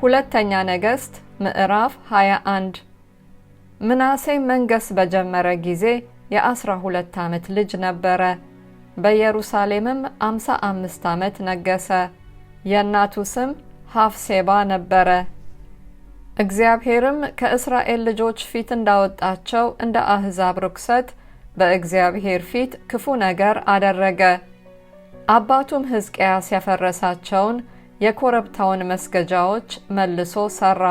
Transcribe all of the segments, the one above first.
ሁለተኛ ነገሥት ምዕራፍ 21 ምናሴ መንገስ በጀመረ ጊዜ የአስራ ሁለት ዓመት ልጅ ነበረ። በኢየሩሳሌምም አምሳ አምስት ዓመት ነገሰ የእናቱ ስም ሐፍሴባ ነበረ። እግዚአብሔርም ከእስራኤል ልጆች ፊት እንዳወጣቸው እንደ አሕዛብ ርኩሰት በእግዚአብሔር ፊት ክፉ ነገር አደረገ። አባቱም ሕዝቅያስ ያፈረሳቸውን የኮረብታውን መስገጃዎች መልሶ ሠራ።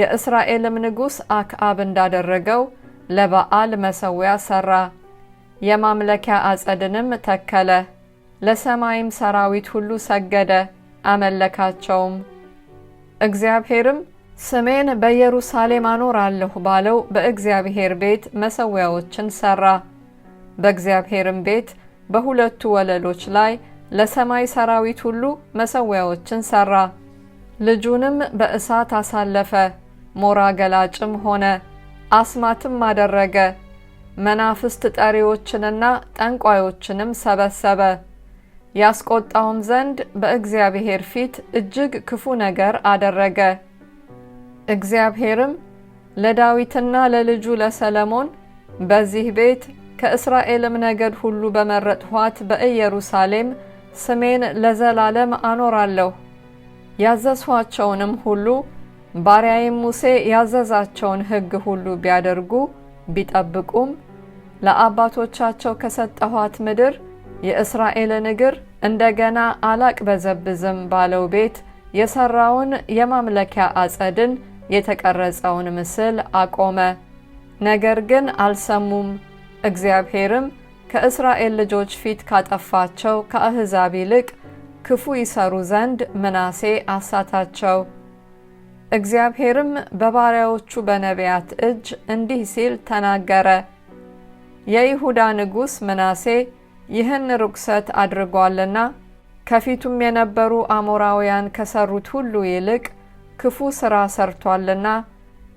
የእስራኤልም ንጉሥ አክአብ እንዳደረገው ለበዓል መሠዊያ ሠራ። የማምለኪያ አጸድንም ተከለ። ለሰማይም ሰራዊት ሁሉ ሰገደ፣ አመለካቸውም። እግዚአብሔርም ስሜን በኢየሩሳሌም አኖራለሁ ባለው በእግዚአብሔር ቤት መሠዊያዎችን ሠራ። በእግዚአብሔርም ቤት በሁለቱ ወለሎች ላይ ለሰማይ ሰራዊት ሁሉ መሰዊያዎችን ሰራ። ልጁንም በእሳት አሳለፈ፣ ሞራ ገላጭም ሆነ፣ አስማትም አደረገ። መናፍስት ጠሪዎችንና ጠንቋዮችንም ሰበሰበ። ያስቆጣውም ዘንድ በእግዚአብሔር ፊት እጅግ ክፉ ነገር አደረገ። እግዚአብሔርም ለዳዊትና ለልጁ ለሰለሞን በዚህ ቤት ከእስራኤልም ነገድ ሁሉ በመረጥኋት በኢየሩሳሌም ስሜን ለዘላለም አኖራለሁ። ያዘዝኋቸውንም ሁሉ ባሪያዬም ሙሴ ያዘዛቸውን ሕግ ሁሉ ቢያደርጉ ቢጠብቁም ለአባቶቻቸው ከሰጠኋት ምድር የእስራኤልን እግር እንደገና አላቅበዘብዝም ባለው ቤት የሰራውን የማምለኪያ አጸድን የተቀረጸውን ምስል አቆመ። ነገር ግን አልሰሙም። እግዚአብሔርም ከእስራኤል ልጆች ፊት ካጠፋቸው ከአሕዛብ ይልቅ ክፉ ይሰሩ ዘንድ ምናሴ አሳታቸው። እግዚአብሔርም በባሪያዎቹ በነቢያት እጅ እንዲህ ሲል ተናገረ። የይሁዳ ንጉሥ ምናሴ ይህን ርኩሰት አድርጓልና ከፊቱም የነበሩ አሞራውያን ከሰሩት ሁሉ ይልቅ ክፉ ሥራ ሰርቷልና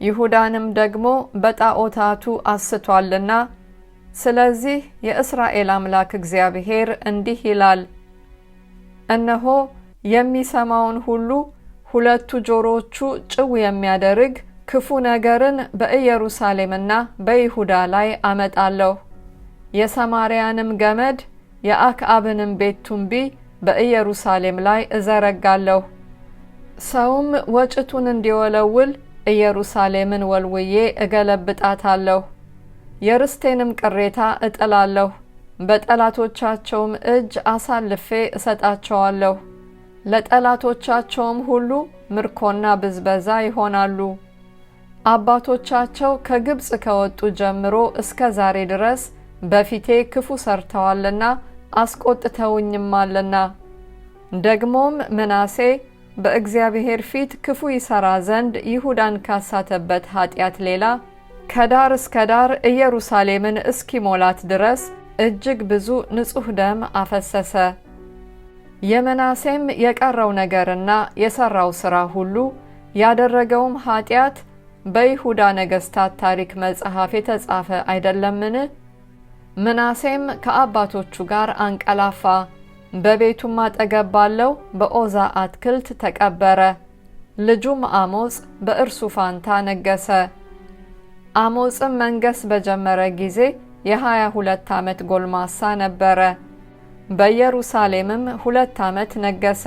ይሁዳንም ደግሞ በጣዖታቱ አስቷልና ስለዚህ የእስራኤል አምላክ እግዚአብሔር እንዲህ ይላል፣ እነሆ የሚሰማውን ሁሉ ሁለቱ ጆሮዎቹ ጭው የሚያደርግ ክፉ ነገርን በኢየሩሳሌምና በይሁዳ ላይ አመጣለሁ። የሰማርያንም ገመድ የአክዓብንም ቤት ቱንቢ በኢየሩሳሌም ላይ እዘረጋለሁ። ሰውም ወጭቱን እንዲወለውል ኢየሩሳሌምን ወልውዬ እገለብጣታለሁ። የርስቴንም ቅሬታ እጥላለሁ፣ በጠላቶቻቸውም እጅ አሳልፌ እሰጣቸዋለሁ። ለጠላቶቻቸውም ሁሉ ምርኮና ብዝበዛ ይሆናሉ። አባቶቻቸው ከግብፅ ከወጡ ጀምሮ እስከ ዛሬ ድረስ በፊቴ ክፉ ሰርተዋልና አስቆጥተውኝማልና። ደግሞም ምናሴ በእግዚአብሔር ፊት ክፉ ይሰራ ዘንድ ይሁዳን ካሳተበት ኃጢአት ሌላ ከዳር እስከ ዳር ኢየሩሳሌምን እስኪሞላት ድረስ እጅግ ብዙ ንጹሕ ደም አፈሰሰ። የመናሴም የቀረው ነገርና የሠራው ሥራ ሁሉ ያደረገውም ኀጢአት በይሁዳ ነገሥታት ታሪክ መጽሐፍ የተጻፈ አይደለምን? ምናሴም ከአባቶቹ ጋር አንቀላፋ፣ በቤቱም አጠገብ ባለው በኦዛ አትክልት ተቀበረ። ልጁም አሞጽ በእርሱ ፋንታ ነገሠ። አሞጽም መንገስ በጀመረ ጊዜ የ22 ዓመት ጎልማሳ ነበረ። በኢየሩሳሌምም ሁለት ዓመት ነገሰ።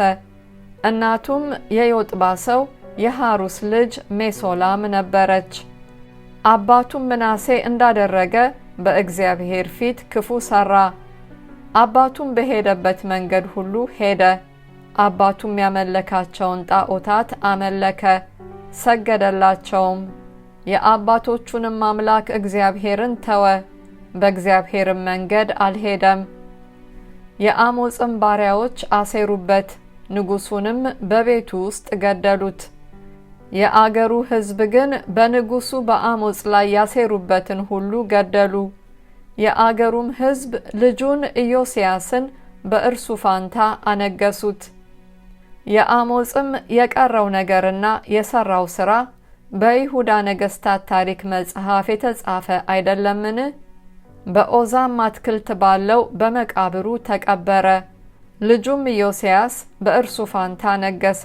እናቱም የዮጥባ ሰው የሐሩስ ልጅ ሜሶላም ነበረች። አባቱም ምናሴ እንዳደረገ በእግዚአብሔር ፊት ክፉ ሰራ። አባቱም በሄደበት መንገድ ሁሉ ሄደ። አባቱም ያመለካቸውን ጣዖታት አመለከ፣ ሰገደላቸውም። የአባቶቹንም አምላክ እግዚአብሔርን ተወ፣ በእግዚአብሔርም መንገድ አልሄደም። የአሞጽም ባሪያዎች አሴሩበት፣ ንጉሱንም በቤቱ ውስጥ ገደሉት። የአገሩ ሕዝብ ግን በንጉሱ በአሞጽ ላይ ያሴሩበትን ሁሉ ገደሉ። የአገሩም ሕዝብ ልጁን ኢዮስያስን በእርሱ ፋንታ አነገሱት። የአሞጽም የቀረው ነገርና የሰራው ሥራ በይሁዳ ነገሥታት ታሪክ መጽሐፍ የተጻፈ አይደለምን? በኦዛም አትክልት ባለው በመቃብሩ ተቀበረ። ልጁም ዮስያስ በእርሱ ፋንታ ነገሰ።